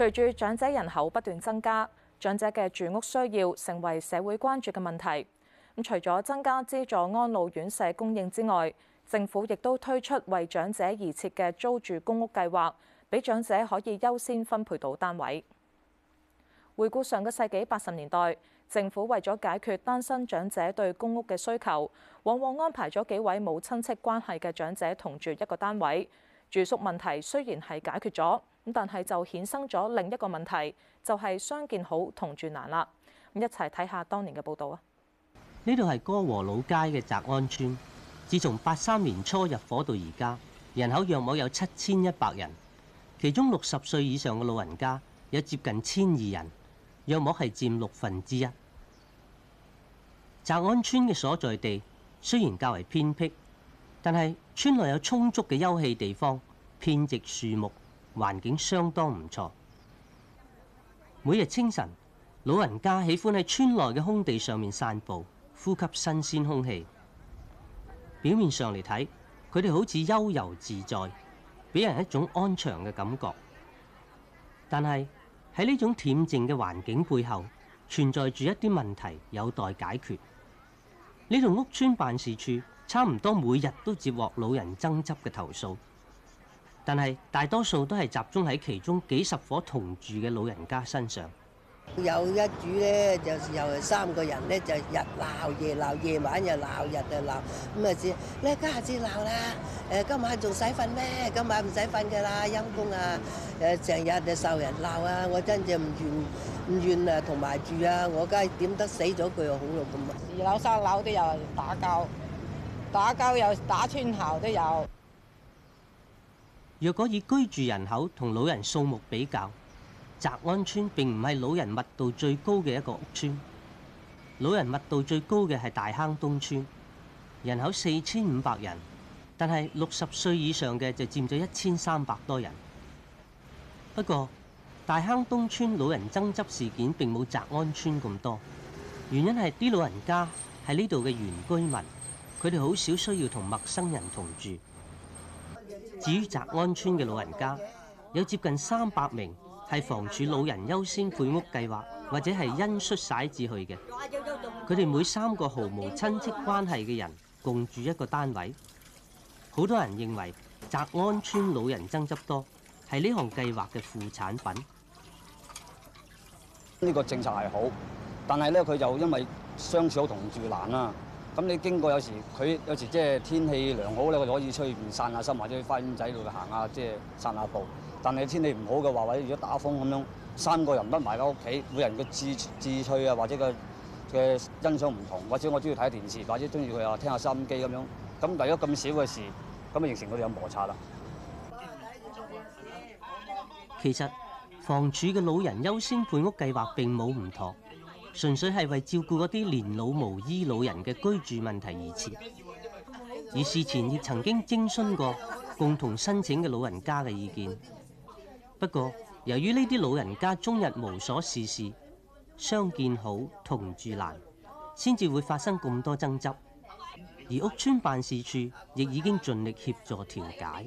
隨住長者人口不斷增加，長者嘅住屋需要成為社會關注嘅問題。咁除咗增加資助安老院舍供應之外，政府亦都推出為長者而設嘅租住公屋計劃，俾長者可以優先分配到單位。回顧上個世紀八十年代，政府為咗解決單身長者對公屋嘅需求，往往安排咗幾位冇親戚關係嘅長者同住一個單位。住宿問題雖然係解決咗，咁但係就衍生咗另一個問題，就係、是、相見好同住難啦。咁一齊睇下當年嘅報道啊！呢度係歌和老街嘅澤安村，自從八三年初入伙到而家，人口約莫有七千一百人，其中六十歲以上嘅老人家有接近千二人，約莫係佔六分之一。澤安村嘅所在地雖然較為偏僻，但係村內有充足嘅休憩地方，遍植樹木，環境相當唔錯。每日清晨，老人家喜歡喺村內嘅空地上面散步，呼吸新鮮空氣。表面上嚟睇，佢哋好似悠游自在，俾人一種安詳嘅感覺。但係喺呢種恬靜嘅環境背後，存在住一啲問題有待解決。呢度屋村辦事處。差唔多每日都接獲老人爭執嘅投訴，但係大多數都係集中喺其中幾十夥同住嘅老人家身上。有一主咧，就又係三個人咧，就日鬧夜鬧，夜晚又鬧，日又鬧咁啊！先咧家下先鬧啦。誒，今晚仲使瞓咩？今晚唔使瞓㗎啦，陰公啊！誒，成日就受人鬧啊！我真正唔願唔願啊，同埋住啊！我梗係點得死咗佢啊！好咯咁啊！二樓三樓都有人打交。打交有打穿頭都有。若果以居住人口同老人數目比較，澤安村並唔係老人密度最高嘅一個屋村。老人密度最高嘅係大坑東村，人口四千五百人，但係六十歲以上嘅就佔咗一千三百多人。不過大坑東村老人爭執事件並冇澤安村咁多，原因係啲老人家係呢度嘅原居民。佢哋好少需要同陌生人同住。至於澤安村嘅老人家，有接近三百名係房署老人優先配屋計劃，或者係因摔骰子去嘅。佢哋每三個毫無親戚關係嘅人共住一個單位。好多人認為澤安村老人爭執多，係呢項計劃嘅副產品。呢個政策係好，但係呢，佢就因為相見好同住難啊。咁你經過有時佢有時即係天氣良好咧，佢可以出去邊散下心，或者去花園仔度行下，即係散下步。但係天氣唔好嘅話，或者如果打風咁樣，三個人唔埋喺屋企，每人嘅志志趣啊，或者個嘅欣賞唔同，或者我中意睇電視，或者中意佢啊聽下收音機咁樣。咁為咗咁少嘅事，咁啊形成佢哋有摩擦啦。其實房署嘅老人優先配屋計劃並冇唔妥。純粹係為照顧嗰啲年老無依老人嘅居住問題而設，而事前亦曾經徵詢過共同申請嘅老人家嘅意見。不過，由於呢啲老人家終日無所事事，相見好同住難，先至會發生咁多爭執。而屋邨辦事處亦已經盡力協助調解。